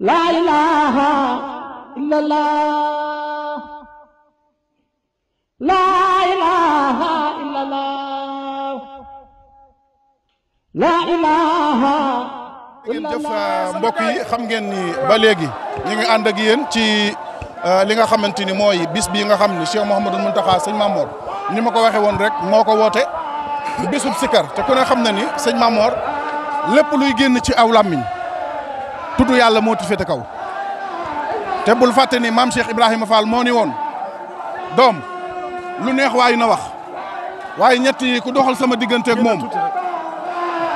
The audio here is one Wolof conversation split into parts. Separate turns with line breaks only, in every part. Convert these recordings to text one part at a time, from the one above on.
laa ilaaha illallaah laa ilaaha illallaah
laa ilaaha illallaah jëf euh, mbokk yi xam ngeen ni ba léegi ñu ngi ànd ak yéen ci euh, li nga xamante ni mooy bis bii nga xam ni Cheikh Mouhamadou Mountakha sëñ Mamor ni ma ko waxee woon rek moo ko woote bisub sikar te ku ne xam na ni sëñ Mamor lépp luy génn ci aw làmmiñ tudd yàlla moo ci féete kaw te bul fàtte ni maam Cheikh Ibrahima Fall moo ni woon doom lu neex waayu na wax waaye ñett yi ku doxal sama digganteeg moom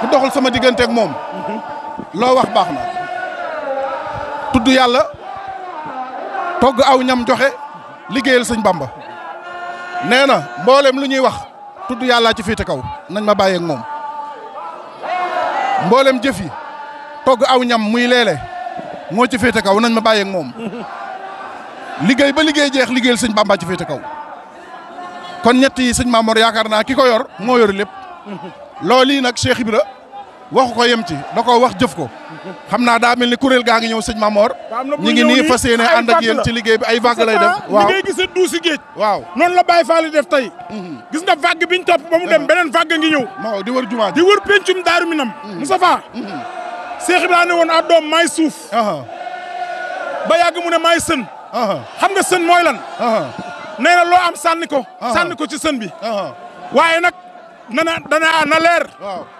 ku doxal sama digganteeg moom loo wax baax na tudd yàlla togg aw ñam joxe liggéeyal sëñ Bamba nee na mboolem lu ñuy wax tudd yàllaa ci féete kaw nañ ma bàyyeeg moom mboolem jëf yi togg aw ñam muy leele moo ci kaw nañ ma bàyyeeg moom liggéey ba liggéey jeex liggéeyal sëñ Bamba ci féete kaw kon ñett yi sëñ Mamor yaakaar naa ki ko yor moo yor lépp loolu yi nag Cheikh Ibra waxu ko yem ci da ko wax jëf ko xam naa daa mel ni kuréel gaa ngi ñëw sëñ Mamor ñi ngi nii fas yéene ànd ak yéen ci liggéey bi ay vague lay def waaw li ngay gis géej waaw la Baye Fall def tey mhm. gis nga vague biñ topp ba mu dem mhm. beneen vague ngi ñëw di wër jumaa di wër pencum daaru Cheikh Ibrahima ne woon addoom ah, maay suuf ba yàgg mu ne may sën xam nga sën mooy nee na loo am sànni ko sànni ko ci sën bi waaye nag nana dana na leer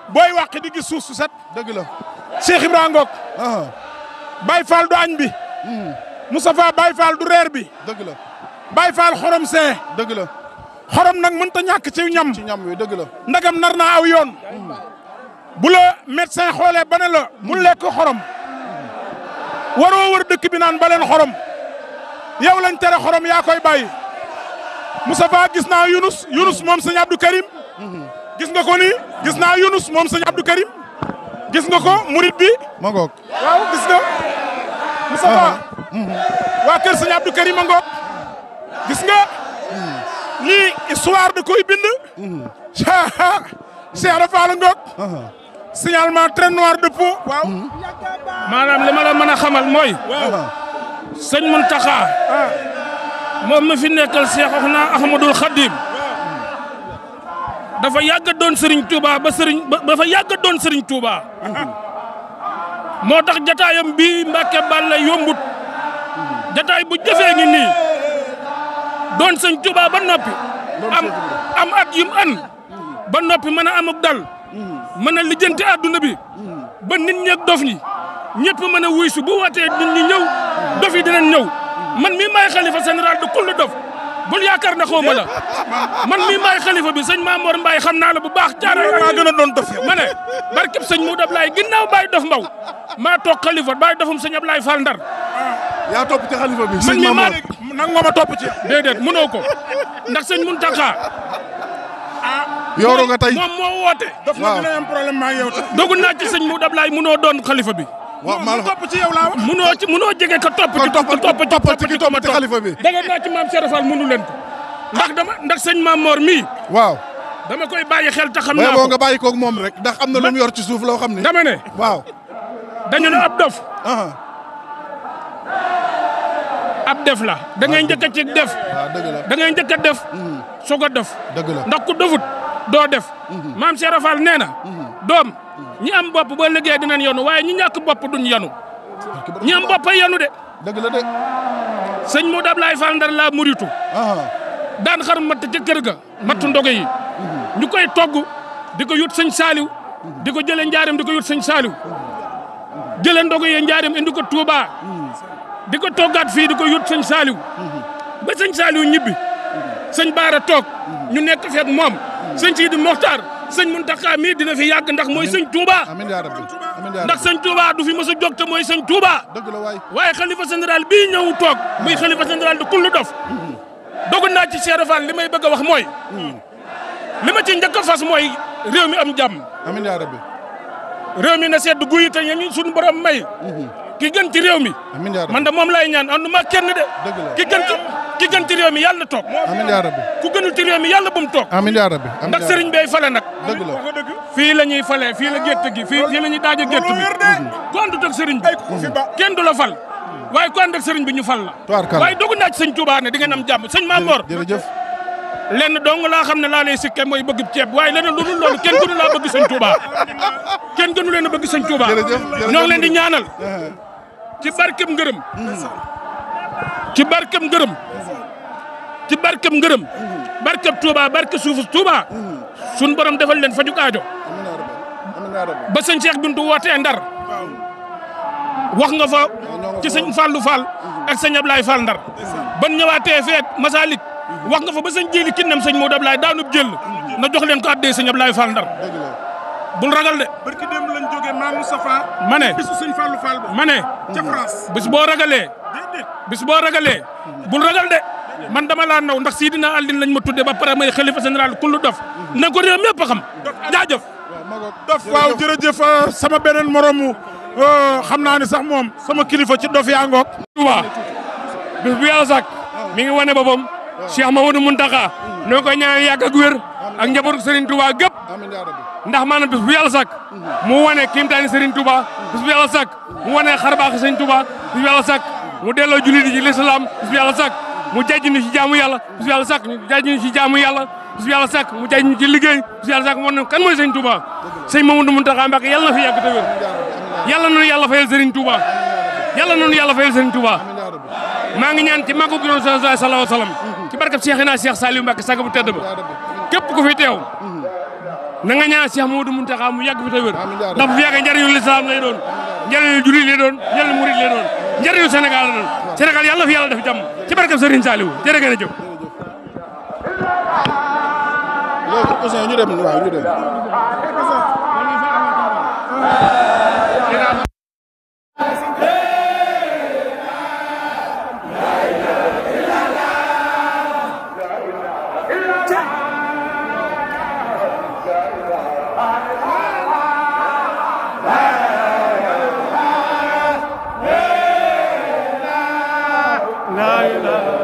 booy wàq di gis suuf su set dëgg la Cheikh Ibrahima ngoog Baye Fall du añ bi hmm. Moustapha Baye Fall du reer bi dëgg la Baye Fall xorom see dëgg la xorom nag mënta ñàkk ci ñam ci ñam wi dëgg la ndagam nar naa aw yoon hmm. bu la médecin xoolee ba la mu lekk xorom waroo wër dëkk bi naan ba leen xorom yow lañ tere xorom yaa koy bàyyi Moustapha gis naa Yunus Yunus moom sëñ Abdou Karim gis nga ko nii gis naa Yunus moom sëñ Abdou Karim gis nga ko murit bi ma waaw gis nga Moustapha ah, ah. waa kër sëñ Abdou Karim ma gis nga lii histoire da koy bind mm-hmm. Cheikh Ibra Fall ngoog uh-huh. signalement très noir debout. waaw. maanaam li ma la mën a xamal mooy. waaw sëñ Mountakha. Ah. moom mi fi nekkal Seexuna Ahmadul Xadim. dafa yàgg doon Serigne Touba ba Serigne ba dafa yàgg doon Serigne Touba. Mm-hmm. moo tax jataayam bii Mbàkke Balla yombut. Mm-hmm. jataay bu jëfee ngi nii. doon Serigne Touba ba noppi. am at yim an. Mm-hmm. ba noppi mën a amuk dal. mën a lijjanti adduna bi ba nit ñi ak dof ñi ñëpp mën a wuy su bu wootee nit ñi ñëw dof yi dinañ ñëw man mii maay xalifa général de kullu dof bul yaakaar na xawma la man mii maay xalifa bi sëñ Mamour mbaay xam naa la bu baax jaara maa gën a doon dof yow ma ne barkib sëñ mu dab laay ginnaaw Baye Dof Mbaw maa toog xalifa Baye Dofum sëñ Ablaye Fall Ndar ah, yaa topp ci xalifa bi sëñ Mamour man mii maa nag nga ma topp ci déedéet mënoo ko ndax sëñ Muntaxa ah yooru nga tey moom moo woote. daf ma gën a am problème maa ngi yow tey. dogu naa ci sëñ mu Ablaye munoo doon xalifa bi. waaw maa la topp ci yow laa wax. munoo ci munoo jege ko topp ci topp ci topp ci topp ci xalifa bi. dégg naa ci maam Cheikh Fall munu leen ko. ndax dama ndax sëñ maam Mor mii. waaw. dama koy bàyyi xel te xam naa ko nga bàyyi koog moom rek ndax am na lu mu yor ci suuf loo xam ne. dama ne waaw. dañu ne ab dof. Uh-huh. ab def la da ngay njëkk a ci def. Ah, da ngay njëkk a def. Mm. soo ko def. dëgg la ndax ku dofut. doo def mhm. maam Cheikh Fall nee na mhm. doom ñi am bopp ba liggéey dinañ yonu waaye ñi ñàkk bopp duñ yonu ñi am bopp yonu de dëgg la de sëñ Modou Ablaye Fall Ndar laa muritu daan xar matt ca kër ga mattu mhm. ndoge yi ñu koy togg di ko yut sëñ saaliw di ko jëlee njaarim di ko yut sëñ saaliw jële ndoge yi njaarim indi ko Touba di ko toggaat fii di ko yut sëñ saaliw ba sëñ saaliw ñibbi sëñ baara toog ñu nekk feeg moom sëñ Sidi Mokhtar sëñ Mountakha mii dina fi yàgg ndax mooy sëñ Touba. amiin yaa rabbi ndax sëñ Touba du fi mos a jóg te mooy sëñ Touba. dëgg la waay waaye xalifa général bii ñëw toog. muy xalifa général di kullu dof. dogu naa ci Cheikh fan li may bëgg a wax mooy. li ma ci njëkk a fas mooy réew mi am jàmm. amiin yaa rabbi réew mi na sedd guy te ñun suñu borom may. ki gën ci réew mi man da moom laay ñaan anduma kenn de ki gën ci ki gën ci réew mi yàlla na toog amiin ku gënul ci réew mi yàlla bu mu toog amiin yaa rabbi ndax sëriñ bay fale nag fii la ñuy fale fii la gétt gi fii la ñuy daaje gétt bi ku àndut ak sëriñ bi kenn du la fal waaye ku ànd ak sëriñ bi ñu fal la waaye dugg naa sëñ Touba ne di ngeen am jàmm sëñ Mamor jërëjëf lenn dong laa xam ne laa lay sikke mooy bëgg ceeb waaye leneen lu dul loolu kenn gënu laa bëgg sëñ Touba kenn gënu leen a bëgg sëñ Touba ñoo ngi leen di ñaanal uh-huh. ci barkem ngërëm ci barkem ngërëm ci barkem ngërëm barkeb Touba barke suufu Touba sun borom defal leen fajuk aajo ba sëñ Cheikh Bintu wootee Ndar wax nga fa ci sëñ Fallou Fall ak sëñ Ablaye Fall Ndar ban ñëwaatee feet Masalik wax nga fa ba sëñ Jéli kinnam sëñ Modou Ablaye daanub jël na jox leen ko addee sëñ Ablaye Fall Ndar bul ragal de. barki démb lañ jógee maa ngi Safa. ma ne bisu suñ ma ne. ca France boo ragalee. déedéet boo ragalee. bul ragal de. man dama laa naw ndax Sidina Alioune lañ ma tuddee ba pare may xalifa général kullu dof. na ko am mépp xam. jaajëf. dof waaw jërëjëf ah, sama beneen moromu ah, xam naa ne sax moom sama kilifa ci dof yaa ngoog. Touba bis bu yàlla sàkk ah. mi ngi wane boppam. Cheikh Mamadou Mountakha. Mm. noo koy ñaan yàgg ak ak njabootu Serigne Touba gépp ndax maanaam bis bu yàlla sàkk mu wane kiimtaani Serigne Touba bis bu yàlla sàkk mu wane xarbaaxi Serigne Touba bis bu yàlla sàkk mu delloo jullit yi lislaam bis bu yàlla sàkk mu jajj si ci jaamu yàlla bis bu yàlla mu jajj ñu ci jaamu yàlla bis bu yàlla sàkk mu jajj ñu ci liggéey bis bu yàlla sàkk mu wane kan mooy Serigne Touba sëñ Mamadou Mountakha Mbacké yàlla na fi yàgg te wér yàlla noonu yàlla fayal Serigne Touba yàlla noonu yàlla fayal Serigne maa ngi ñaan ci màggu gi doon sallallahu alayhi wa sallam ci barkab Cheikhina Cheikh Saliou képp ku fi teew na nga ñaan Cheikh Modou Mountakha mu yàgg fi te wér ndax bu fi yàggee njëriñu lislaam lay doon njëriñu jullit lay doon njëriñu murit lay doon njëriñu Sénégal la doon Sénégal yàlla fi yàlla def jàmm ci barkeb Serigne Saliou jërë ngeen jëf
la ilaha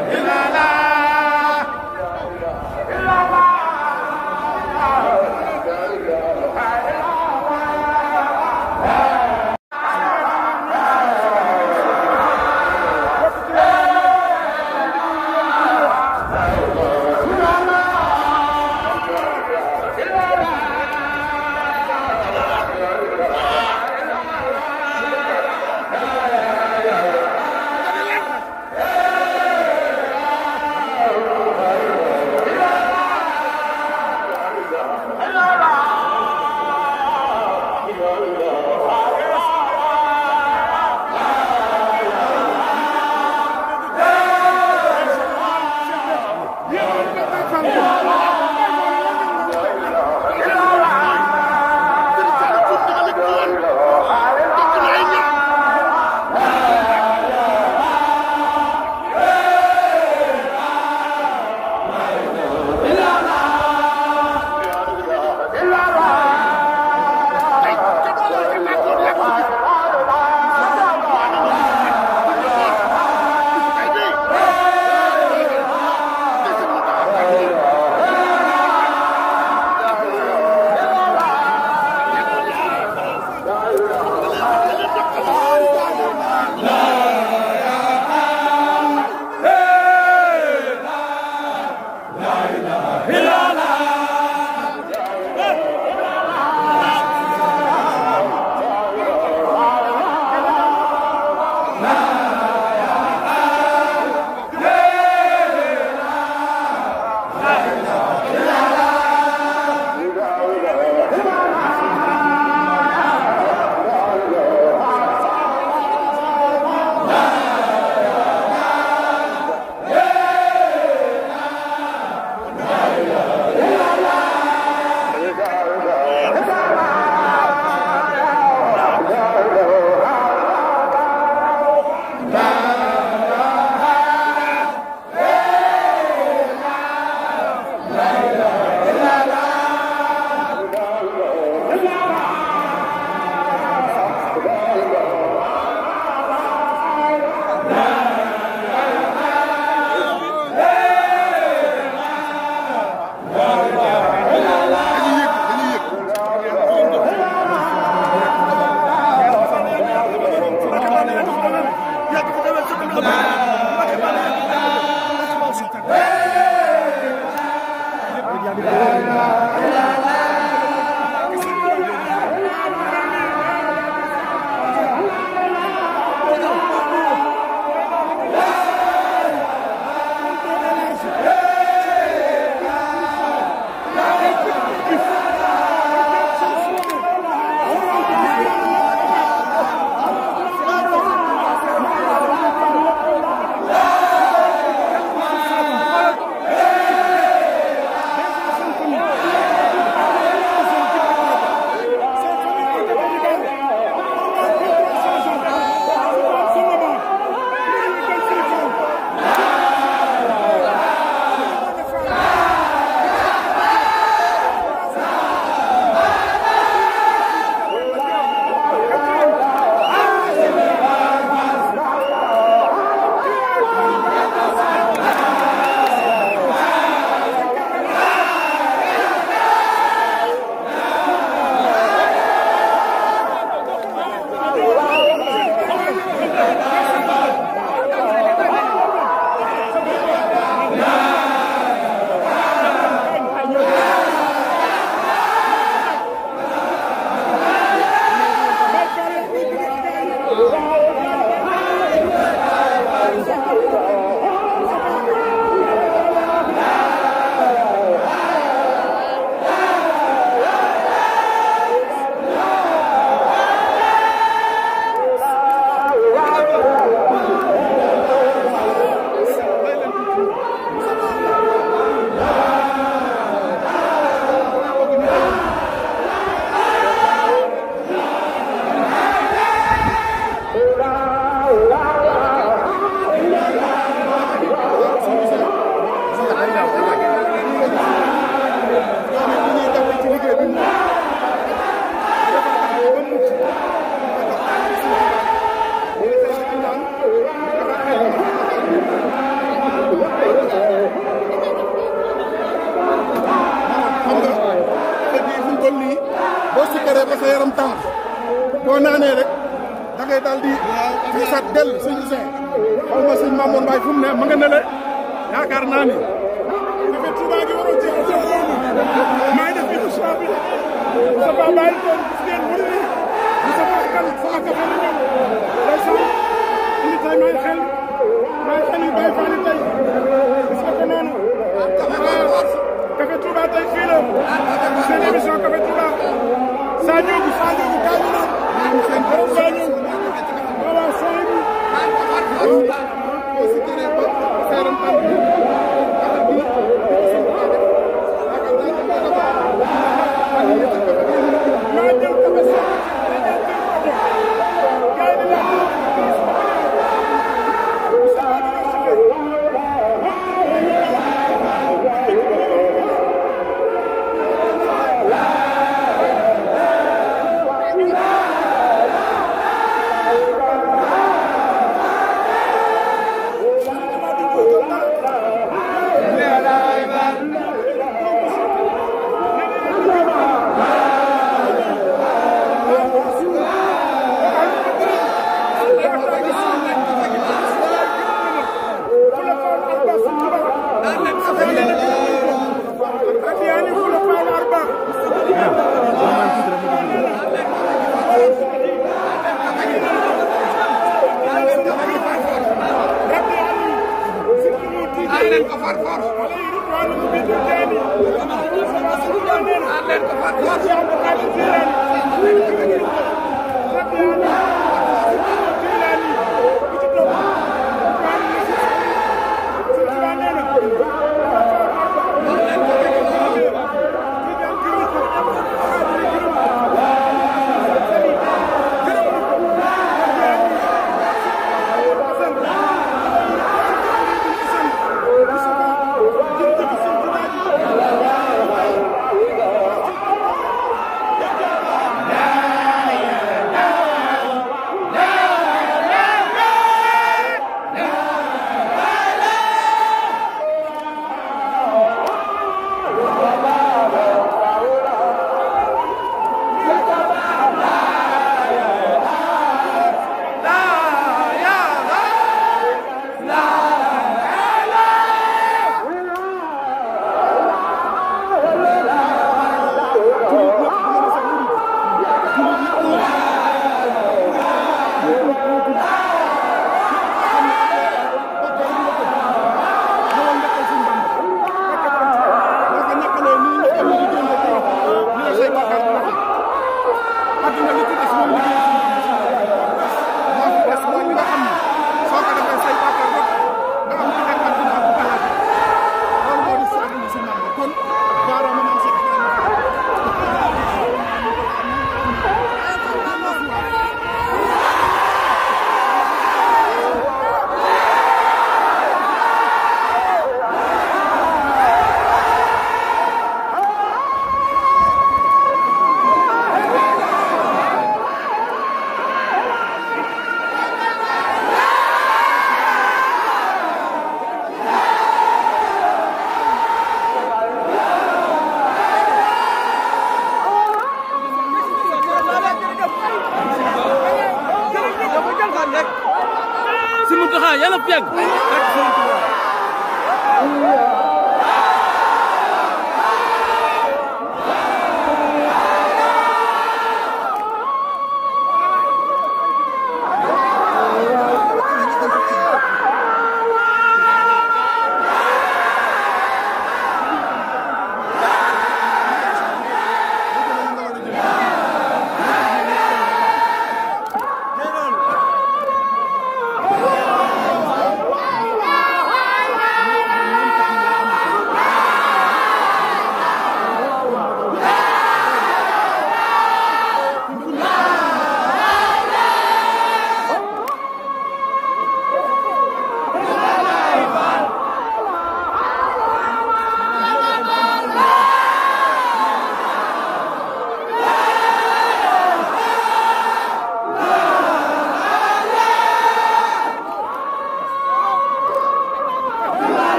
nga xam ne ndeysaan indi tey may xel may xel yu bay faali tey gis nga ko noonu Café Touba tey fii la seen émission Café Touba Sa Ndiogou Sa Ndiogou kaay ñu naan borom Sa Ndiogou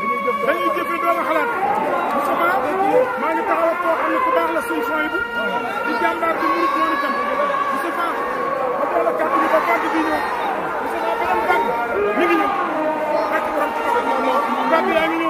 dañuy jëfe doomu xalaat Moustapha maa ngi taxaw ak koo xam ne ku baax la suñu sooy bu di jàmbaar di murit noonu itam Moustapha ba jox la kàddu gi ba kàddu bi ñëw Moustapha borom bàgg mi ngi ñëw ak borom kàddu yaa ngi ñëw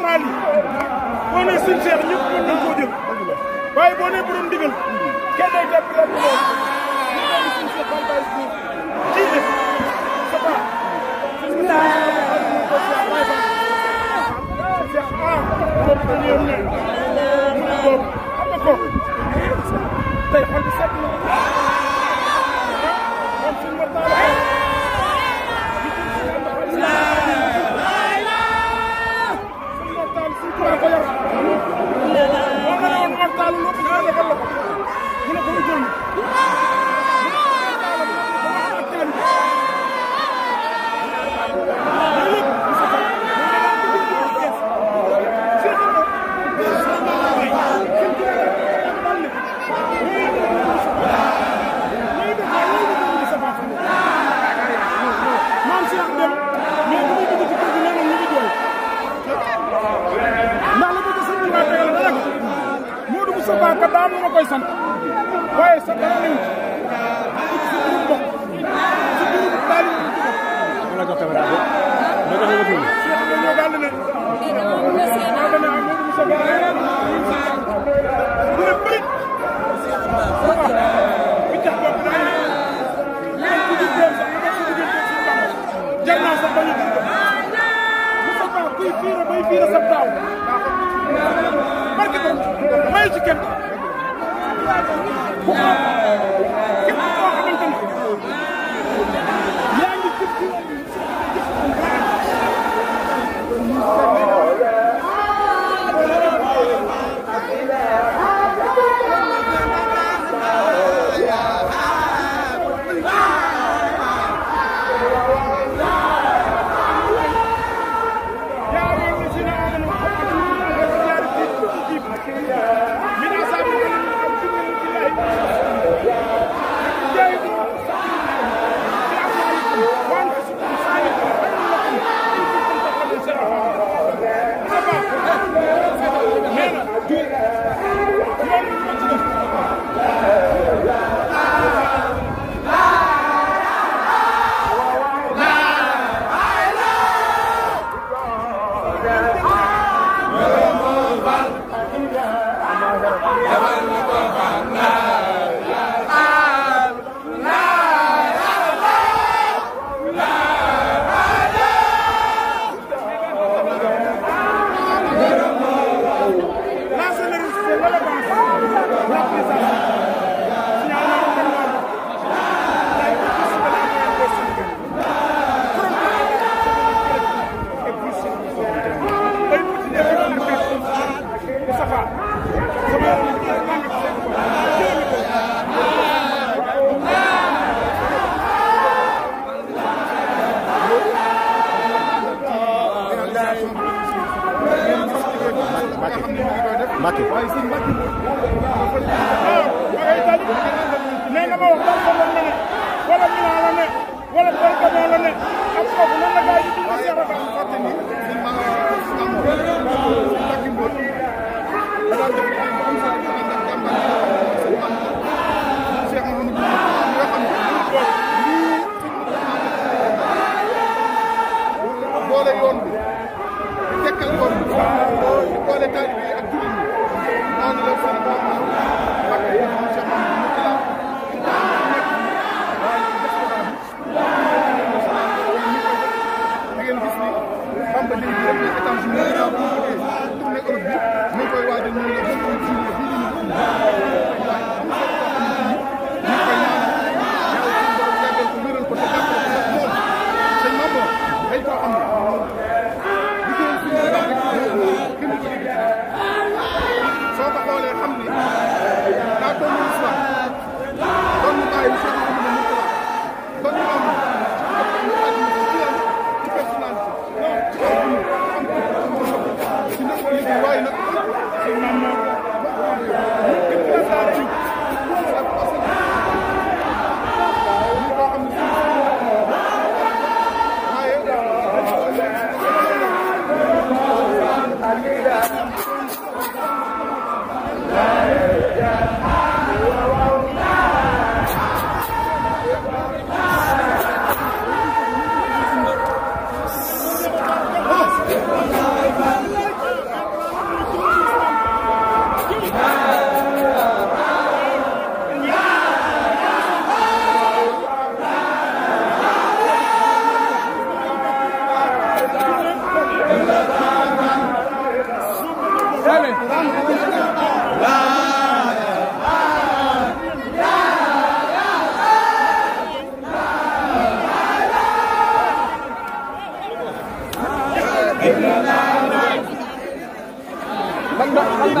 Australie
boo nee suñu seex ñëpp mën nañu
koo kenn day jàpp rek ñu doon suñu seex Fallou Ndiaye ci ne sa baax suñu seex Fallou Ndiaye moom dañuy yónnee boobu xam nga kooku tey xol bi sedd na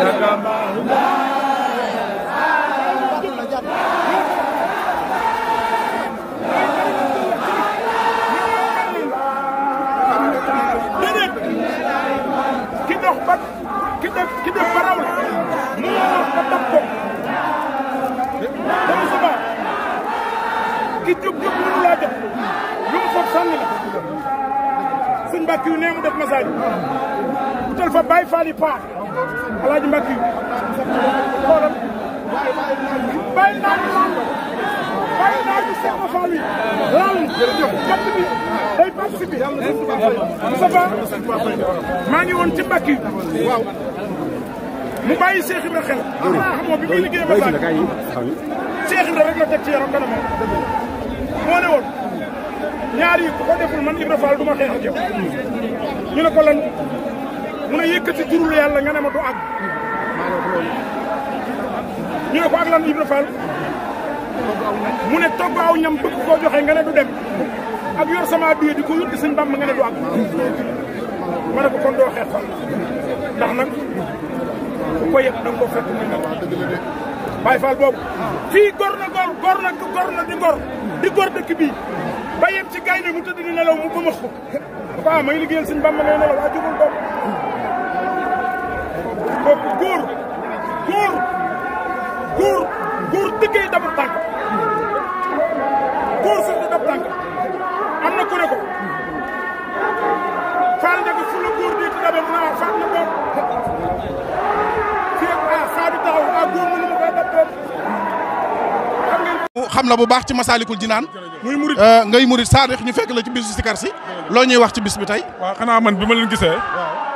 ki jóg jóg mënu laa
jot lu mu foog sànni la sëñ Mbackiou nee mu def message utal fa Baye Fall yi paax alaaji Mbàkke xoolal
bàyyi naa ñu laal bàyyi
naa ñu Seex Faal yi laal jant bi day participer Moustapha maa ngi woon ci Mbàkke waaw mu bàyyi Seex Ibra xel am naa xamoo bi muy liggéey ba baax Seex Ibra rek la teg ci yaram kanamam moo ne woon ñaar yi man Ibra Faal du ma xeex ak yow ñu ne ko mun a yëkkati jurul yàlla nga ne ma du àgg. ñu ne ko ak lan Ibra Fall mu ne togg aw ñam bëgg koo joxe nga ne du dem ak yor sama biir di ko yóbbu suñ nga ne du àgg. ma ne ko kon doo xeet ndax nag ku ko yëg da nga ko fekk muy mel. Baye Fall boobu fii gor na gor gor na gor na di gor di gor dëkk bii ba yem ci gaynde mu tëdd di nelaw mu bëmax ko waaw may liggéeyal suñ bàmm ngay nelaw waa boobu. kooku na ku ne ah na ah, ah, bu baax ci Masaalikul Jinaan muy murit euh, ngay murit saadix ñu fekk la ci bisu sikar si loo ñuy wax ci bis bi tey.
waaw xanaa man bi ma leen gisee.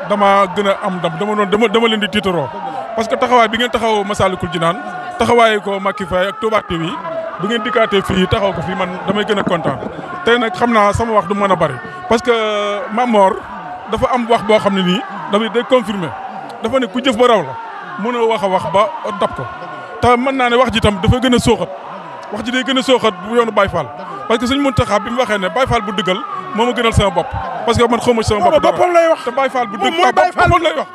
dama gën a am dam dama doon dama leen di tiitaroo parce que taxawaay bi ngeen taxaw Massalikul naan taxawaayu ko Macky Faye ak Touba TV bu ngeen dikkaatee fii taxaw ko fii man damay gën a kontaan tey nag xam naa sama wax du mën a bari parce que euh, Mamor dafa am wax boo xam ne nii dafay day confirmer dafa ne ku jëf ba raw la mënoo wax a wax ba dab ko te mën naa ne wax ji tam dafa gën a sooxat wax ji day gën a sooxat bu yoonu Baye Fall parce que suñ mën taxaa bi mu waxee ne Baye Fall bu dëggal moo gënal sama bopp parce que man xaw ma ci sama bopp boppam lay wax te Baye Fall bu dëgg boppam lay wax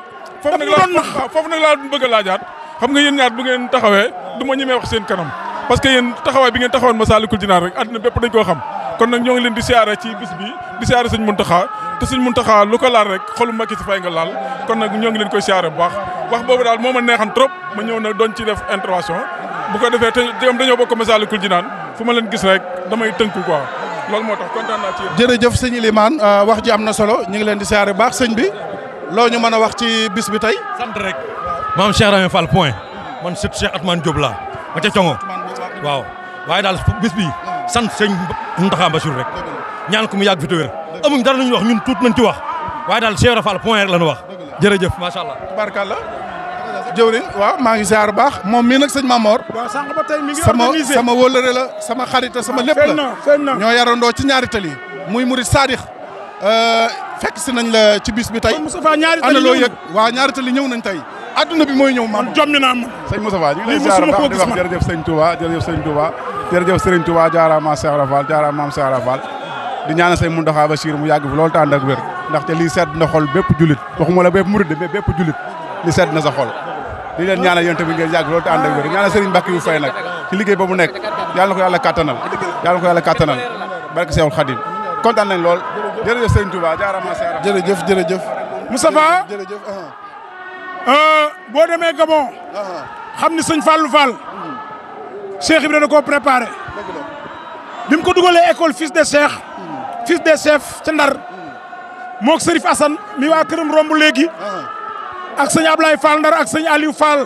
foofu nag laa foofu a laajaat xam nga yéen ñaar bu ngeen taxawee du ma ñemee wax seen kanam parce que yéen taxawaay bi ngeen taxawoon Massalikul Jinaan rek àddina bépp dañ koo xam kon nag ñoo ngi leen di siyaare ci bis bi di siyaare sëñ Muntaxa te sëñ Muntaxa lu ko laal rek xolu Macky si fay nga laal kon nag ñoo ngi leen koy siyaare baax wax boobu daal moo a neexan trop ma ñëw nag doon ci def ma leen gis rek damay tënku loolu moo tax kontaan naa ci yéen.
jërëjëf sëñ Ilimane euh, wax ji am na solo ñu ngi leen di siyaare bu baax sëñ bi loo ñu mën a wax ci bis bi tey. sant rek maam Cheikh Ramé Fall point man sët Cheikh Atmane Diop laa ma ca Congo waaw waaye daal bis bi sant sëñ Mountakha Bassirou rek ñaan ko mu yàgg fi te wér amuñ dara lu ñuy wax ñun tuut nañ ci wax waaye daal Cheikh Ramé point rek la ñu wax jërëjëf macha allah. jëwriñ waaw maa ngi ziar baax moom mii nag sëñ Mamor. waaw sànq ba tey mi ngi organisé sama sama wóllare la sama xarita sama lépp la ñoo yarandoo ci ñaari tali muy murid Sadix. Euh, fekk si nañ la ci bis bi tey. kon Moustapha ñaari na ana loo yëg waaw ñaari tali ñëw nañ tey. adduna bi mooy ñëw maam jom mi naa ma. sëñ Moustapha ñu ngi lay ziar baax di wax
sëñ Touba jërëjëf sëñ Touba. jërëjëf sëriñ Touba
jaaraama Cheikh Rafal jaaraama maam Cheikh Rafal di ñaanal sëñ Mountakha Bachir mu yàgg fi loolu tànd ak wér ndaxte lii sedd na xol bépp julit waxuma la bépp murid mais bépp julit li sedd na sa xol di leen ñaanal yéen tamit ngeen yàgg loolu te ànd ak wér ñaanal Serigne Mbacke yu fay nag ci liggéey boobu nekk yàlla na ko yàlla kattanal yàlla na ko yàlla kattanal barke Seexul Xadim kontaan nañ lool jërëjëf jërëjëf jërëjëf Moustapha uh-huh. euh, boo demee Gabon uh-huh. xam ni sëñ Fallou Fall Cheikh Ibra da ko préparé bi mu ko dugalee école fils de Cheikh fils de chef ca Ndar mm. mook Serif Assane mi waa këram romb léegi uh-huh. ak sëñ Ablaye Fall Ndar ak sëñ Aliou Fall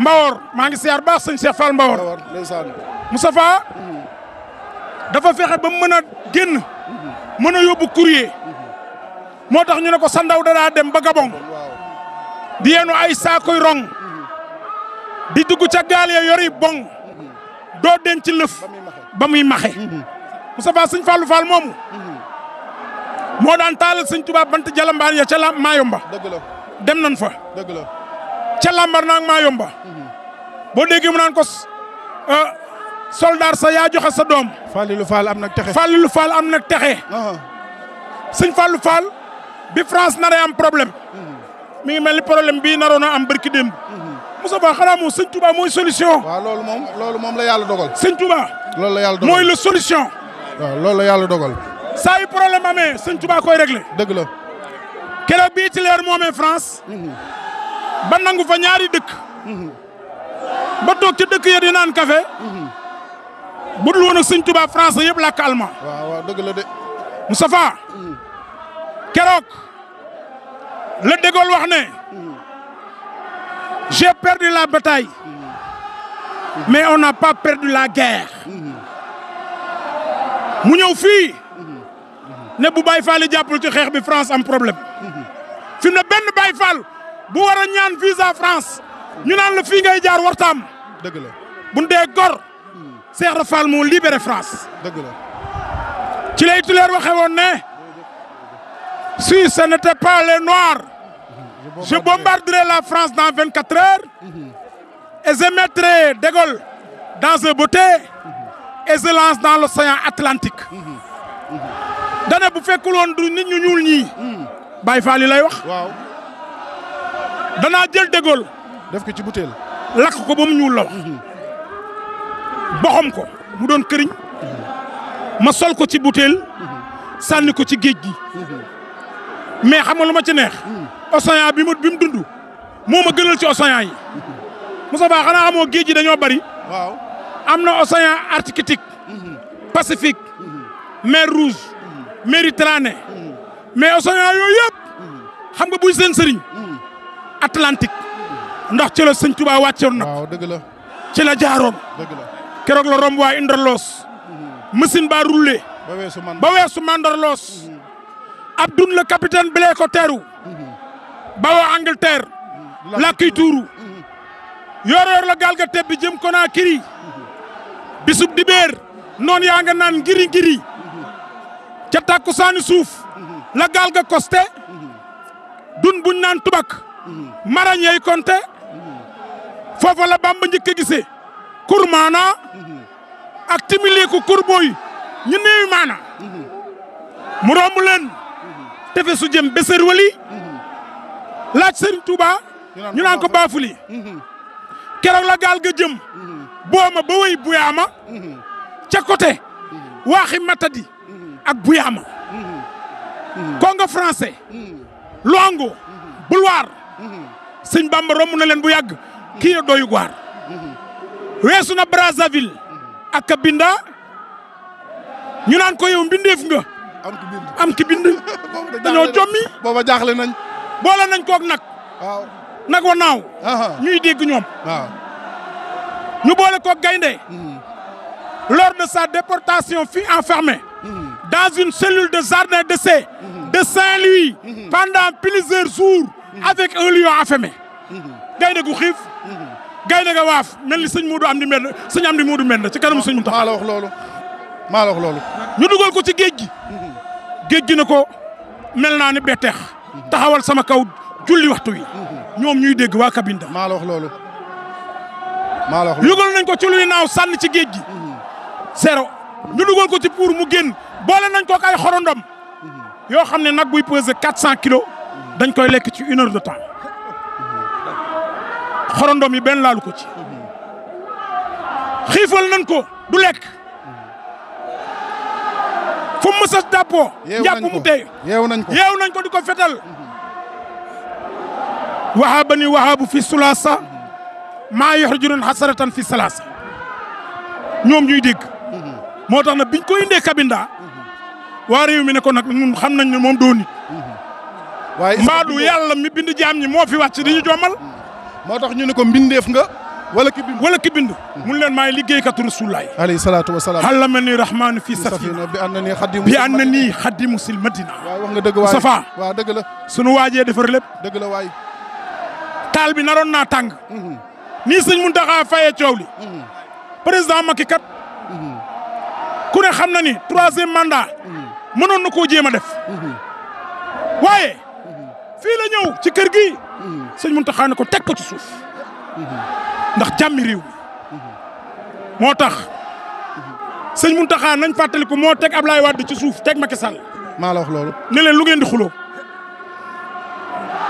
Mbawor maa ngi siyaar baax sëñ Cheikh Fall Mbawor Moustapha mm-hmm. dafa fexe ba mën a génn mm-hmm. mën a yóbbu mm-hmm. moo tax ñu ne ko sa ndaw danaa dem ba Gabon di yeenu ay saakoy rong di dugg ca gaal ya yori bong doo denc lëf ba muy maxe Moustapha sëñ Fallou Fall moomu moo daan taalal sëñ Tuubaa bant jalambaan ya ca la Maayomba dëgg la dem nañ fa. dëgg la ca lambar naa maa yomba. Mhm. boo déggee mu ko euh, soldaar sa yaa joxe sa doom. Fallilou Fall am nag texe. Fallilou am nag texe. sëñ Fallou Fall bi France naree am problème. Mhm. mi ngi mel ni problème bii naroon na am barki démb. Mhm. Moussa Ba xanaa moom sëñ Touba mooy solution. loolu moom loolu la yàlla dogal. sëñ Touba. loolu la yàlla dogal solution. waaw loolu la yàlla dogal. saa yu problème amee sëñ koy réglé. keroog bi Hitler moomee France. ba nangu fa ñaari dëkk. ba toog ci dëkk ya di naan café. budul woon ak sëñ Tuubaa France yëpp làkk allemand. waaw la de. Moustapha. keroog la De Gaulle wax ne. j'ai perdu la bataille. mais on n'a pas perdu la guerre. mu ñëw fii. ne bu Baye Fall jàppul ci xeex bi France am problème. fi mu ne benn Baye Fall bu war a ñaan visa France ñu naan la fii ngay jaar wartaam dëgg la bu dee gor Cheikh Ibra Fall moo libéré France dëgg la ci lay tuleer woon ne si ce n'était pas les noirs je bombarderai la France dans vingt quatre heures je mettrai De dans un bottet et je lance dans l'océan Atlantique mmh. mmh. dana bu fekkul woon du nit ñu ñuul ñii mmh. Baye Fall yi lay wax. waaw. jël dégol. def ci butéel. lakk ko ba mu ñuul la wax. Mhm. boxom ko mu doon këriñ. ma sol ko ci butéel. Mhm. sànni ko ci géej gi. Mhm. mais xam nga lu ma ci neex. océan bi mu dund. moo ma gënal ci océan yi. Moussa Ba xanaa xamoo géej gi dañoo bari. waaw am na océan Arctique. Pacifique. mer Rouge. Méditerranée. mais océan yooyu yëpp xam nga buy seen sëriñ Atlantique ndax ci la sëñ Tuubaa jaaroon keroog la romb waa Indraloos machine ba roulé ba weesu Mandarloos Abdoun le capitaine blé ko teeru bawoo Angleterre lakkiy tuuru yoor yoor la gaal tebbi jëm Conakry bisub dibéer noonu yaa nga ngiri ngiri ca saani suuf la gaal ga costé dun buñ naan tubak marañ yey konté foofa la bamba njëkk a kur maana ak timiliku kur booy ñu maana mu romb leen tefe jëm beser wali laaj sëriñ Touba ñu naan ko baafuli keroog la ga jëm booma ba wéy buyaama ca waaxi matadi ak buyaama Hmm. congo français hmm. longu hmm. bulwaar sëñ bamba romb na leen bu yàgg kii ya doyu gwaar weesu na brazzaville ak a ñu naan ko yow mbindeef nga am ki bind am ki bind dañoo jommi booba jaaxle nañ boole nañ koog nag waaw nag wa naaw ñuy dégg ñoom ñu boole koog gaynde lors de sa déportation fut enfermé dans une cellule de jardin d'essai de Saint-Louis pendant plusieurs jours avec un lion affamé gaynde gu xiif gaynde ga waaf mel ni sëñ Moodu am di mel sëñ am di Moodu mel na ci kanam sëñ Muntaxa maa wax loolu maa la ñu dugal ko ci géej gi géej na ko mel naa ne betteex taxawal sama kaw julli waxtu wi ñoom ñuy dégg waa Kabinda maa la maa la wax loolu yugal nañ ko ci luy ci géej gi zéro ñu dugal ko ci pour mu génn boole nañ ko ak ay xorondom yoo xam ne nag buy peser quatre cent kilos dañ koy lekk ci une heure de temps xorondom yi benn laalu ko ci xiifal nañ ko du lekk fu mu mës a dàppoo njàpp mu tey yeew nañ ko yeew ko di ko fetal wahabani wahabu fi sulaasa maa yoxrajurun xasaratan fi salaasa ñoom ñuy dégg moo tax na biñ ko indee kabinda waa réew mi ne ko nag ñun xam nañ ne moom doo nit. waaye mbaadu yàlla mi bind jaam ñi moo fi wàcc di ñu jommal. moo tax ñu ne ko mbindeef nga. wala ki bind wala ki bind. mun leen maay liggéeykatu rasulaay. alayhi salaatu wa salaam. xalama ni rahmaani fi safina bi anna nii xadimu bi anna nii xadimu sil madina. waaw wax nga dëgg waay Safa. waaw dëgg la. sunu waajee defar lépp. dëgg la waay. taal bi naroon naa tàng. Mhm. nii sëñ Mountakha fayee coow li. Mhm. président Macky kat. Mhm. ku ne xam na ni troisième mandat. mënoon na koo jéem a def. waaye fii la ñëw ci kër gi sëñ Muntaxa ne ko teg ko ci suuf ndax jàmmi réew moo tax sëñ Muntaxa nañ fàttali ko moo teg Ablaye Wade ci suuf teg Macky Sall maa la wax loolu ne leen lu ngeen di xuloo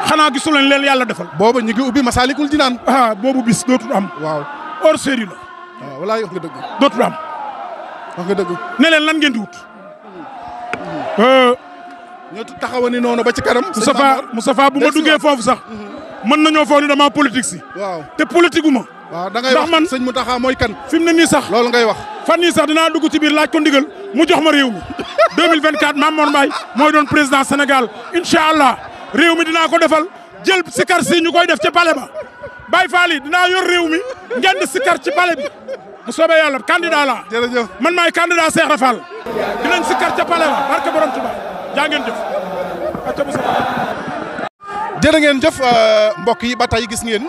xanaa gisu leen leen yàlla defal booba ñu ngi ubbi Masaalikul Jinaan ah boobu bis dootul am waaw hors série la waaw ah, walaay nga dëgg dootul am wax lan ngeen di ñoo taxawani noonu ba ci kanam. Moustapha Moustapha bu ma duggee foofu sax. Mm-hmm. mën na foog ni damaa politique si. waaw te politique gu ma. waaw da ngay wax ndax man sëñ Mountakha mooy kan. fi mu ne nii sax loolu ngay wax. fan yii sax dinaa dugg ci biir laaj ko ndigal mu jox ma réew mi 2024 Mame Mor Mbaye mooy doon président Sénégal incha allah réew mi dinaa ko defal jël sikar si ñu koy def ci palais ba Baye Fall yi dinaa yor réew mi ngeen di sikar ci pale bi. bu soobee yàlla candidat la jërëjëf man maay candidat Cheikh Rafal dinañ sikkar ca pale la barke borom Tuuba jaa ngeen jëf acca euh, mbokk yi ba tey gis ngeen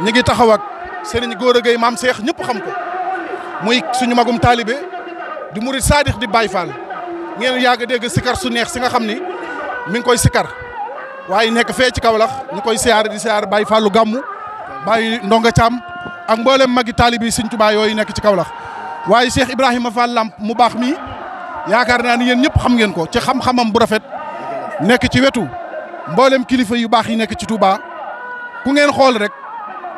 ñu ngi taxaw ak Serigne Gora Gueye maam Cheikh ñëpp xam ko muy suñu magum taalibe di murid saadix di Baye Fall ngeen yàgg dégg sikar su neex si nga xam ni mi ngi koy sikar waaye nekk fee ci Kaolack ñu koy siyaare di siyaare Baye Fallu gàmmu bàyyi ndonga Thiam ak mboolem magi taalibe yi tubaa yooyu nekk ci Kaolack waaye Cheikh Ibrahima Fall Lamp mu baax mi yaakaar naa ni yéen ñëpp xam ngeen ko ci xam-xamam bu rafet nekk ci wetu mboolem kilifa yu baax yi nekk ci tubaa ku ngeen xool rek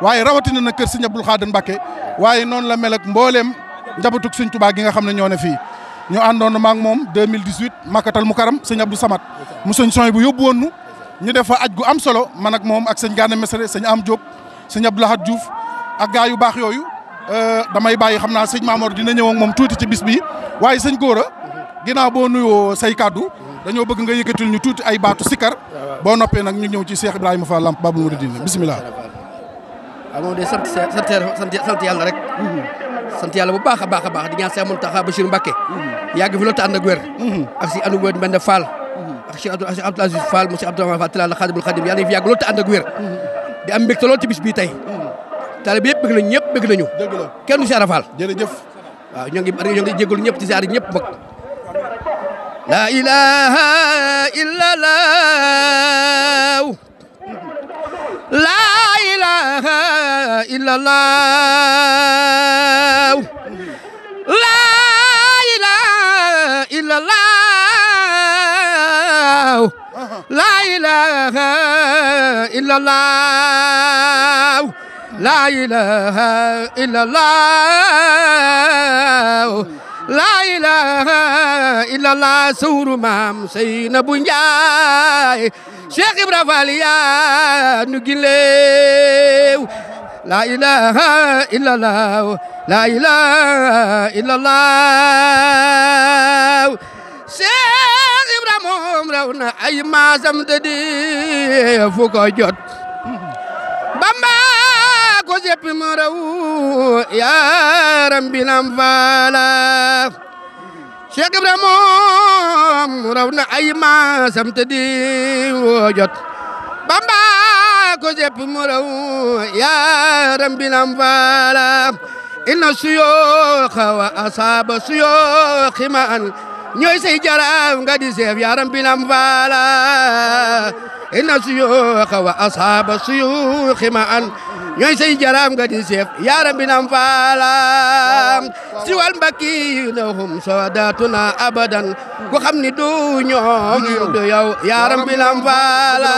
waaye rawatina na kër Sëñ Abdul Xaadir Mbàkke waaye noonu la mel ak mbooleem njabatug Sëñ Tuubaa gi nga xam ne ñoo ne fii ñu àndoon maak moom 2018 makkatal mu karam sëñ Abdou Samad mu sëñ sooy bu yóbbu woon ñu def fa aj gu am solo man ak moom ak sëñ Gana Mesere sëñ Am Diop sëñ Abdou Lahad Diouf ak yu baax yooyu euh, damay bàyyi xam naa sëñ Mamor dina ñëw ak moom tuuti ci bis bi waaye sëñ Gora ginnaaw boo nuyoo say kàddu dañoo bëgg nga yëkkatil ñu tuuti ay baatu sikkar boo noppee nag ñu ñëw ci Cheikh Ibrahima Fall Lamp Babul Mouridine
bisimilah.
waaw ah, moom de sant sant yàlla bu baax a baax a baax di ñaan Cheikh Mountakha Bachir Mbacké. yàgg fi loolu te ànd ak wér. ak si anu fi loolu te ànd ak wér. di am mbégte lool ci bis bii tey taalibe yëpp bëgg nañu ñëpp bëgg nañu kenn du si arafaal jërëjëf waaw ñoo ngi ñoo ñëpp la ilaha illa laa ilaaha illallah laa ilaaha illallah laa ilaaha illallah sawru maam Seynabu Njaay Cheikh Ibra Fall yaa nu gileew ilaaha illallah laa ilaaha illallah Seex Ibra moom raw na ay maasam te di fu ko jot Bamba ko seppi mu raw yaaram binam faala Seex Ibra raw na ay maasam mu faala inna suyooxa wa asaaba suyooxi ma an ñooy say jaraaf nga di seef yaaram binam faala inna suyuuxa wa ashaaba suyuuxi ma an ñooy say jaraam nga di seef yaaram bi nam faalaam si wal mbakki na hum soodatuna abadan ku xam ni du ñoom du yow yaaram bi nam faala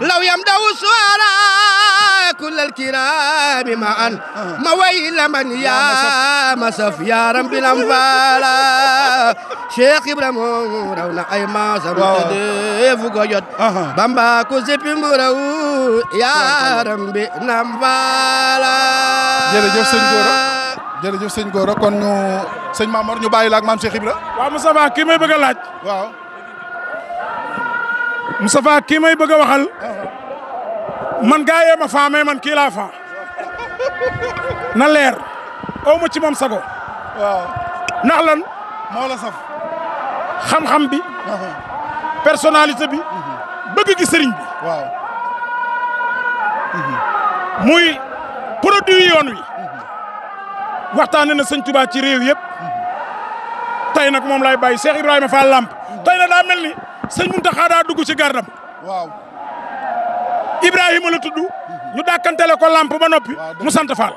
law yam daw suara kullal kiraami ma an ma way laman yaa masaf yaaram bi nam faala Cheikh Ibrahima raw na ay maasam te deefu ko jot bamba ku sippi mburaw yaaram bi nam baala jërëjëf sëñ Gora jërëjëf sëñ Gora kon ñu sëñ Mamor ñu bàyyi
la ak maam Cheikh Ibra waaw Moustapha kii may bëgg laaj waaw Moustapha kii may bëgg a waxal man gaa yee man kii laa faa na leer aw ma moom sago waaw lan moo saf xam-xam bi personnalité bi mhm. bëgg sëriñ bi. waaw. Mhm. muy produit yoon wi. Mhm. waxtaane na sëñ Tuubaa ci réew yëpp. Mhm. tey nag moom lay bàyyi Cheikh Ibrahima Fall Lamp. tey nag daa ni sëñ Muntaxa daa dugg ci gardam. waaw. Ibrahima la tudd. ñu dàkkantele ko Lamp ba noppi. mu sant Fall.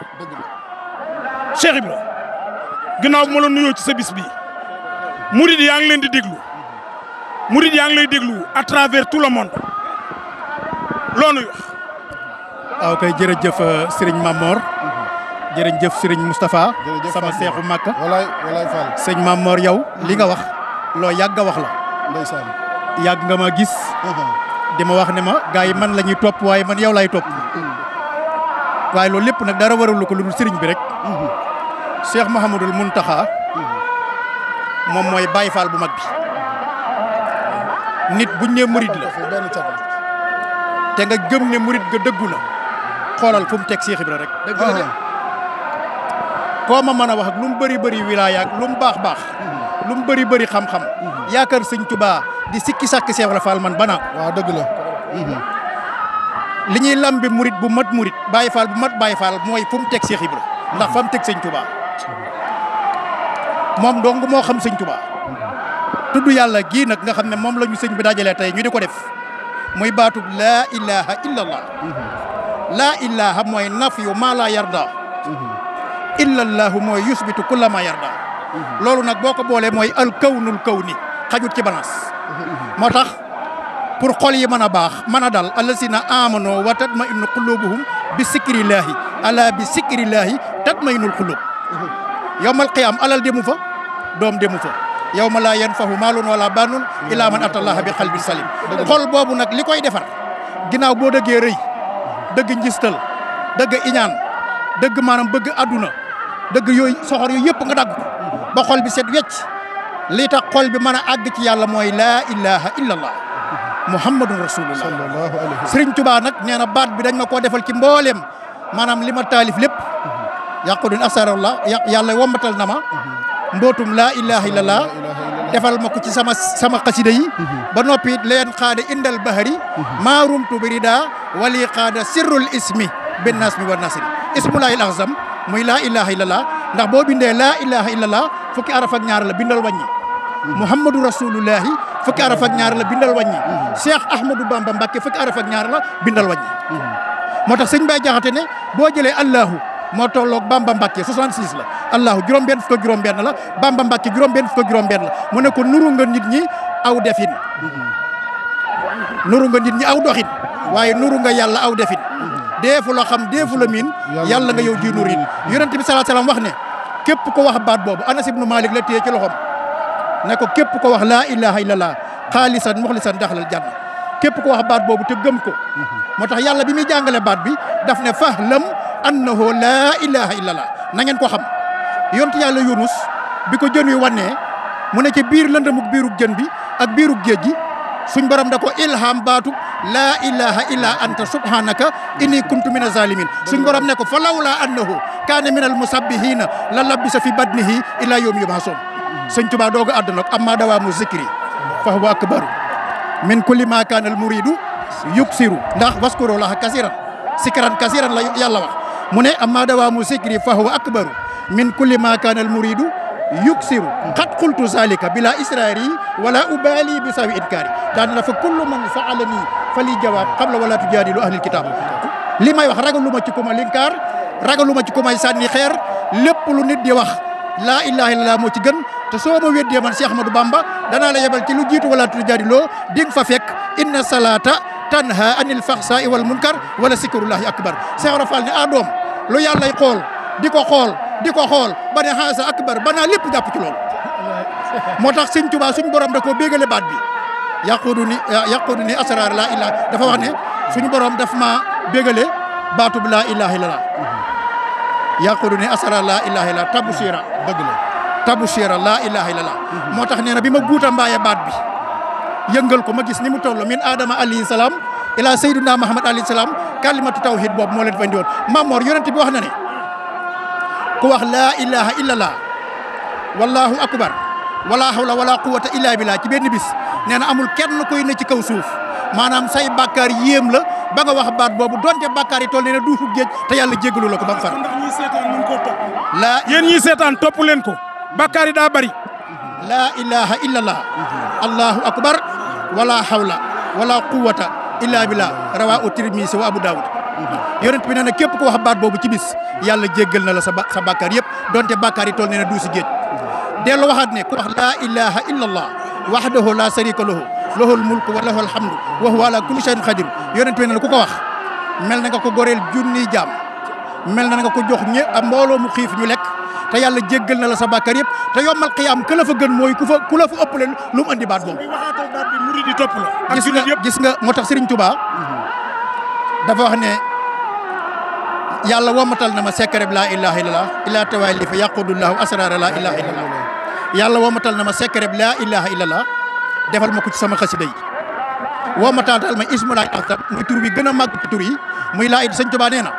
Cheikh Ibrahima ginnaaw bu ma la nuyoo ci sa bis bii. murid yaa ngi leen di déglu. mu yaa ngi lay déglu à travers tout le
monde loolu wax waaw ah, kay jërëjëf euh, sëriñ Mamor jërëjëf sëriñ Moustapha sama seexu Makka walaay walaay Fall sëñ Mamor yow li nga wax loo yàgg nga wax la ndeysaan yàgg nga ma gis uh-huh. di ma wax ne ma gars yi man la ñuy topp waaye man yow laay topp uh-huh. waaye loolu lépp nag dara waralu ko lu dul sëriñ bi rek uh-huh. Cheikh Mouhamadul Mountakha moom mooy Baye Fall bu mag bi nit buñ ne murit la te nga gëm ne murit ga dëggu la xoolal fu mu teg Seex rek dëgg koo ma mën a wax lu mu bari bari wilaaya ak lu mu baax baax mhm. lu mu bari bari xam-xam mhm. yaakaar sëñ tubaa di sikki sàkk Seex Ibra Faal man banaa waaw dëgg la mhm. li ñuy lambi murit bu mat murit Baay Faal bu mat Baay Faal mooy fu mu teg Seex Ibra ndax fa mu teg sëñ Tuubaa moom dong moo xam sëñ tubaa tudd yàlla gii nag nga xam ne moom la ñu sëñ bi dajalee tey ñu di ko def muy baatub laa ilaha illallah laa ilaha mooy naf yu maa laa yarda illallahu mooy yusbitu kulla ma yarda loolu nag boo ko boolee mooy al kawnul kawni xajut ci balance moo tax pour xool yi mën a baax mën a dal allasina amano wa tatma innu qulubuhum bi sikrillahi ala bi sikrillahi tatma innul qulub yowmal qiyaam alal demu fa doom demu fa yow ma laa yan fahu maalun wala banun illaa man atallaha bi xalbin salim xol boobu nag li koy defar ginnaaw boo dëggee rëy dëgg njistal dëgg iñaan dëgg maanaam bëgg àdduna dëgg yooyu soxor yooyu yëpp nga dagg ba xol bi set wecc li tax xol bi mën a àgg ci yàlla mooy laa ilaha illa allah muhammadun rasulullah sëriñ tubaa nag nee na baat bi dañ ma koo defal ci mbooleem maanaam li ma taalif lépp yàqudun asarallah yàlla wombatal na ma mbootum laa ilaha illallah defal ma ko ci sama sama xasida yi mhm. ba noppi leen xaada indal bahari mhm. maarumtu bi rida wali xaada sirrul ismi bin nasmi wa nasri ismulaahil axsam muy laa ilaha illallah ndax boo bindee laa ilaha illallah fukki araf ak ñaar la bindal wàññi mhm. muhammadu rasulullahi fukki araf ak ñaar la bindal wàññi cheikh ahmadou bamba mbàkke fukki araf ak ñaar la bindal wàññi moo tax sëñ bay jaxate ne boo jëlee allahu moo tolloog Bamba Mbàkke 66 la allahu juróom benn fukk ak juróom benn la Bamba Mbàkke juróom benn fukk ak juróom benn la mu ne ko nuru nga nit ñi aw defin nuru nga nit ñi aw doxin waaye nuru nga yàlla aw defin deefu la xam deefu la miin yàlla nga yow ji nurin yonent bi salaa salaam wax ne képp ko wax baat boobu Anas ibnu Malik la téye ci loxoom ne ko képp ko wax laa ilaha illallah xaalisan muxlisan daxlal janna képp ko wax baat boobu te gëm ko mhm. moo tax yàlla bi muy jàngale baat bi daf ne fahlam annahu laa ilaha illallah na ngeen ko xam yontu yàlla yunus bi ko jën wi wane mu ne ci biir lëndëmuk biiruk jën bi ak biiruk géej gi suñ borom da ko ilham baatu laa ilaha illa anta subhanaka inni kuntu mina zalimin suñ borom ne ko fa lawla annahu kaane minal musabbihina la labbisa fi badnihi ila yawmi yub'asun sëñ Tuubaa dooga àdduna ko amma dawaamu zikri fa huwa akbaru min kulli ma kaana al muridu yuksiru ndax waskuru laha kasiran sikran la yàlla mu ne amma dawaamu sikri fa huwa akbaru min kulli ma kaana al muridu yuksiru qad qultu zalika bila israari wala ubali bi sawi inkaari daan fa kullu man saalani fa li jawaab qabla wala tujaadilu ahlil kitaab li may wax ragaluma ci ku ma linkaar ragaluma ci ku may sànni xeer lépp lu nit di wax laa ilaha illallah moo ci gën te soo ma weddee man Cheikh Bamba danaa la yebal ci lu jiitu wala tujaadiloo di nga fa fekk inna salaata tanha anil faxsaa wal munkar wala sikrullahi akbar Cheikh Rafal lu yàllay xool di ko xool di ko xool ba ne xaasa akbar ba naa lépp jàpp ci moo tax sëñ Tuubaa suñu borom da koo béegale baat bi yaqudu ni yaqudu ni asrar laa ilaha dafa wax ne suñu borom daf ma bégale baatub laa ilaha illallah yaqudu ni asrar laa ilaha illallah tabusira dëgg la tabusira laa ilaha illallah moo tax nee na bi ma guuta mbaaye baat bi yëngal ko ma ni mu toll min adama alayhi salaam ila sayyiduna muhammad alayhi salaam kalimatu tawhid boobu moo leen fa indi woon Mamor yonent bi wax na ne ku wax laa ilaha illallah wallahu akbar wala hawla wala quwwata illa billah ci benn bis nee na amul kenn koy ne ci kaw suuf maanaam say bàkkaar yéem la ba nga wax baat boobu donte bàkkaar yi toll nee na duufu géej la ko ba mu far.
ndax ñi seetaan ko topp.
laa yéen seetaan topp leen ko. bàkkaar yi daa bari. laa ilaha illallah. allahu akbar wala hawla wala quwwata. illaa billah rawaa u Tirmisi wa Abu Daawud yonent bi nee na képp ko wax baat boobu ci bis yàlla jéggal na la sa sa bàkkaar yëpp donte bàkkaar yi toll nee na duusi géej dellu waxaat ne ku wax laa ilaha illa allah wahdahu la sharika lahu lahul mulku wa lahul hamdu wa huwa ala kulli shay'in qadir yonent bi nee na ku ko wax mel na nga ko goreel junni jaam mel na nga ko jox ñë mbooloo mu xiif ñu lekk te yàlla jéggal na la sa bàkkaar yëpp te yombal xiyaam ku la fa gën mooy ku fa ku ëpp leen lu mu andi baat boobu. gis nga gis nga moo tax Serigne Touba dafa wax ne yàlla womatal na ma secret bi laa ilaha illallah illaa tawaali fa yaqudullahu asrara laa ilaha illallah yàlla womatal na ma secret bi laa ilaha illallah defal ma ko ci sama xasida yi womataatal ma ismu laa axtam muy tur bi gën a màgg tur yi muy laa it Sëñ Touba nee na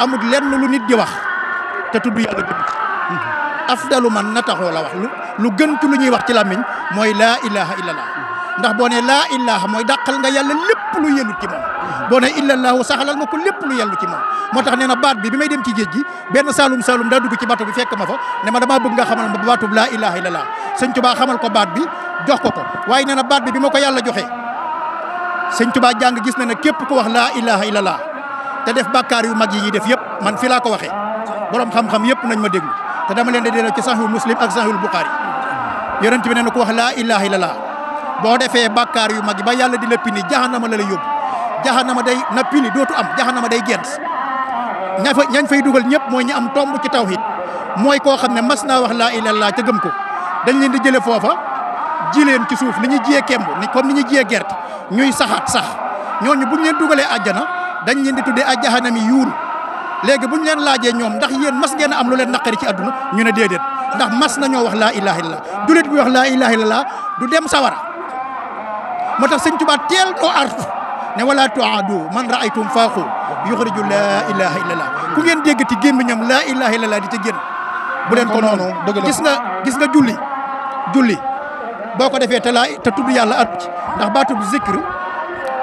amul lenn lu nit di wax. te tudd yàlla gën afdalu man na taxoo la wax lu lu gën ci lu ñuy wax ci làmmiñ mooy laa ilaha illallah ndax boo ne laa ilaha mooy dàqal nga yàlla lépp lu yellu ci moom boo ne illallahu saxalal nga ko lépp lu yellu ci moom moo tax nee na baat bi bi may dem ci géej gi benn saalum saalum daa dugg ci bato bi fekk ma fa ne ma damaa bëgg nga xamal ma baatub laa ilaha illallah sëñ Tuubaa xamal ko baat bi jox ko ko waaye nee na baat bi bi ma ko yàlla joxee sëñ Tuubaa jàng gis na ne képp ku wax laa ilaha illallah te def bàkkaar yu mag yi ñuy def yëpp man fi laa ko waxee borom xam-xam yëpp nañ ma déglu te dama leen di delloo ci saxiihul muslim ak saxiihul buxaari yonent bi nee na ku wax laa ilaaha illallaah boo defee bàkkaar yu mag yi ba yàlla di la pini jaxanama la lay yóbbu jaxanama day na pini dootu am jaxanama day gént ña ñañ fay dugal ñëpp mooy ñi am tomb ci taw tawhid mooy koo xam ne mas naa wax laa ilaaha ca gëm ko dañ leen di jëlee foofa ji leen ci suuf ni ñu jiyee kemb ni comme ni ñu jiyee gerte ñuy saxaat sax ñooñu bu leen dugalee àjjana dañ leen di tuddee ay jaxanami yuul léegi bu ñu leen laajee ñoom ndax yéen mas ngeen a am lu leen naqari ci àdduna ñu ne déedéet ndax mas na ñoo wax laa ilaha illallah jullit bi wax laa ilaha illallah du dem sawara moo tax sëñ Tuubaa teel doo artu ne wala tuaadu man raaytum faaxu yuxriju laa ilaha illallah ku ngeen dégg ci gémmiñam laa ilaha illallah di ca génn bu leen ko noonu gis nga gis nga julli julli boo ko defee te te tudd yàlla at ndax baatub zikr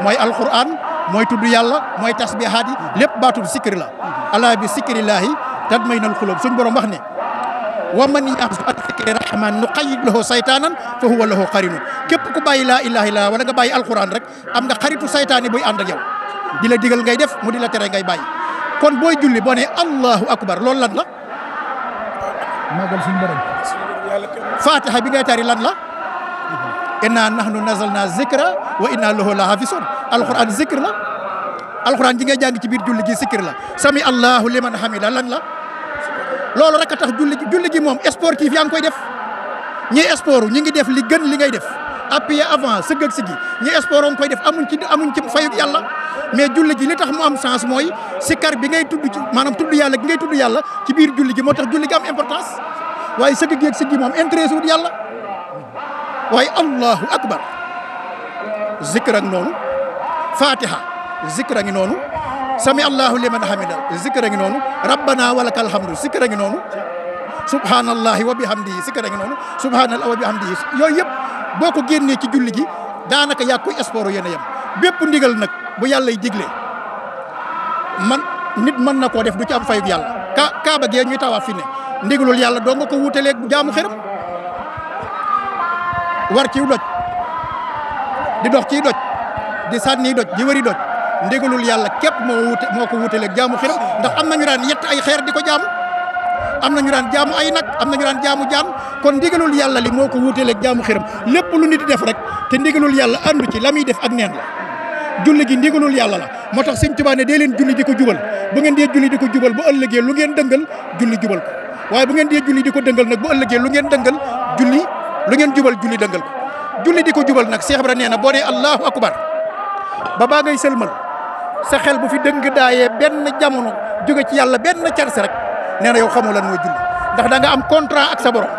mooy alquran mooy tudd yàlla mooy tasbihaat yi lépp baatub sikkir la ala bi sikkirillaahi tatma'innul quluub suñ borom wax ne wa man ya'su an zikri rahmaan nuqayyid lahu saytaanan fa huwa lahu qarinu képp ku bàyyi laa ilaaha la wala nga bàyyi alquran rek am nga xaritu saytaane buy ànd ak yow di la digal ngay def mu di tere ngay bàyyi kon booy julli boo nee allahu akbar loolu lan la magal suñ borom faatiha bi ngay tari lan la inna nahnu nazalna zikra wa inna lahu la hafisun alquran zikr la alquran ji ngay jàng ci biir julli gi zikr la sami allahu liman hamida lan la loolu rek a tax julli gi julli gi moom sportif yaa ngi koy def ñi sport ñi ngi def li gën li ngay def appuyer avant sëgg ak sigi ñi sport ngi koy def amuñ ci amuñ ci fayuk yàlla mais julli gi li tax mu am sens mooy sikar bi ngay tudd ci maanaam tudd yàlla gi ngay tudd yàlla ci julli gi moo tax julli gi am importance waaye moom intéresse wut yàlla waaye allahu akbar zikra ngi noonu fatiha zikra ngi noonu sami allahu liman hamida zikra ngi noonu rabbana walakal hamdu zikra ngi noonu subhanallahi wa bihamdihi zikra ngi noonu subhanallah wa bihamdihi yooyu yëpp boo ko génnee ci julli gi daanaka yaa koy sport yéen a bépp ndigal nag bu yàllay digle man nit mën na koo def du ci am fayug yàlla ka kaaba gee ñuy tawaaf fi ne ndigalul yàlla doo nga ko wuuteleeg jaamu xëram war ciw doj di dox ciy doj di sànni doj di wari doj ndigalul yàlla képp moo wute moo ko wutaleeg jaamu xiram ndax am na ñu daan yett ay xeer di ko jaamu am nañu daan jaamu ay nag am nañu daan jaamu jaam kon ndigalul yàlla li moo ko wutaleeg jaamu xiram lépp lu nit di def rek te ndigalul yàlla andu ci la muy def ak neen la julli gi ndigalul yàlla la moo tax sëñ Tuubaa ne dee leen julli di ko jubal bu ngeen dee julli di ko jubal bu ëllëgee lu ngeen dëngal julli jubal ko waaye bu ngeen dee julli di ko dëngal nag bu ëllëgee lu ngeen dëngal julli lu ngeen jubal julli dëngal ko julli di ko jubal nag Cheikh Ibra nee na boo nee allahu akbar ba baa ngay sëlmal sa xel bu fi dëng daayee benn jamono jóge ci yàlla benn carse rek nee na yow xamoo lan mooy julli ndax da nga am contrat ak sa borom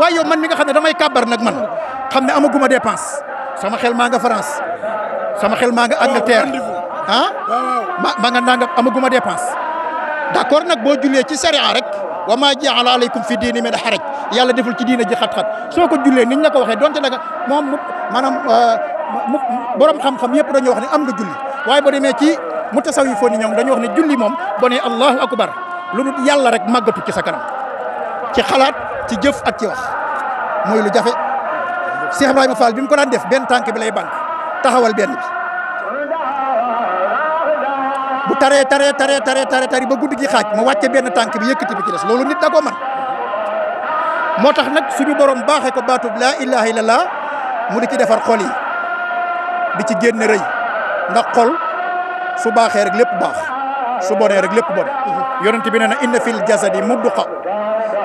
waaye yow man mi nga xam ne damay kàbbar nag man xam ne amaguma dépense sama xel maa nga France sama xel maa nga Angleterre ah ma ma nga nangam amaguma dépense d'accord nag boo jullee ci sariya rek wa maa jaala aleykum fi diini min haraj yàlla deful ci diina ji xat-xat soo ko jullee niñ la ko waxee donte nag moom maanaam euh, mu boroom xam-xam yëpp dañoo wax ne am nga julli waaye boo demee ci mu tasawifoo ni ñoom dañoo wax ne julli moom boo nee allahu akbar lu dul yàlla rek màggatu ci sa ci xalaat ci jëf ak ci wax mooy lu jafe Cheikh Ibrahima Fall bi mu ko daan def benn tànk bi lay bank taxawal benn bu taree taree taree taree taree taree ba guddi gi xaaj mu wàcce benn tànk bi yëkkati bi ci des loolu nit da ko man moo tax nag suñu borom baaxee ko baatub laa ilaha illallah mu di ci defar xol yi di ci génn rëy ndax xol su baaxee rek lépp baax su bonee rek lépp bon yonent bi nee na inna fil jasadi mudduqa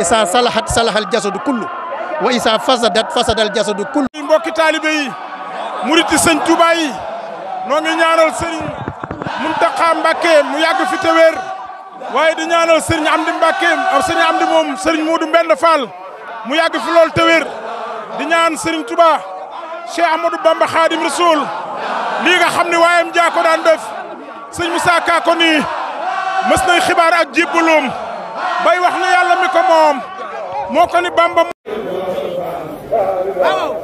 isa salahat salahal jasadu kullu wa isa fasadat fasadal jasadu kullu mbokki taalibe yi murit yi sëñ Tuubaa yi
noo ngi ñaanal sëriñ Muntaxa Mbàkke mu yàgg fi te wér waaye di ñaanal sëriñ Amdi Mbàkke ak sëriñ Amdi moom sëriñ Muudu Mbend Fall mu yàgg fi lool te wér di ñaan sëriñ Tuubaa Cheikh Ahmadou Bamba Xaadim Rasuul lii xam ne waayam jaa ko daan def sëñ Musaa Ka ko nii mës xibaar ak jébbalum bay wax ne yàlla mi ko moom moo ko ni Bamba
waaw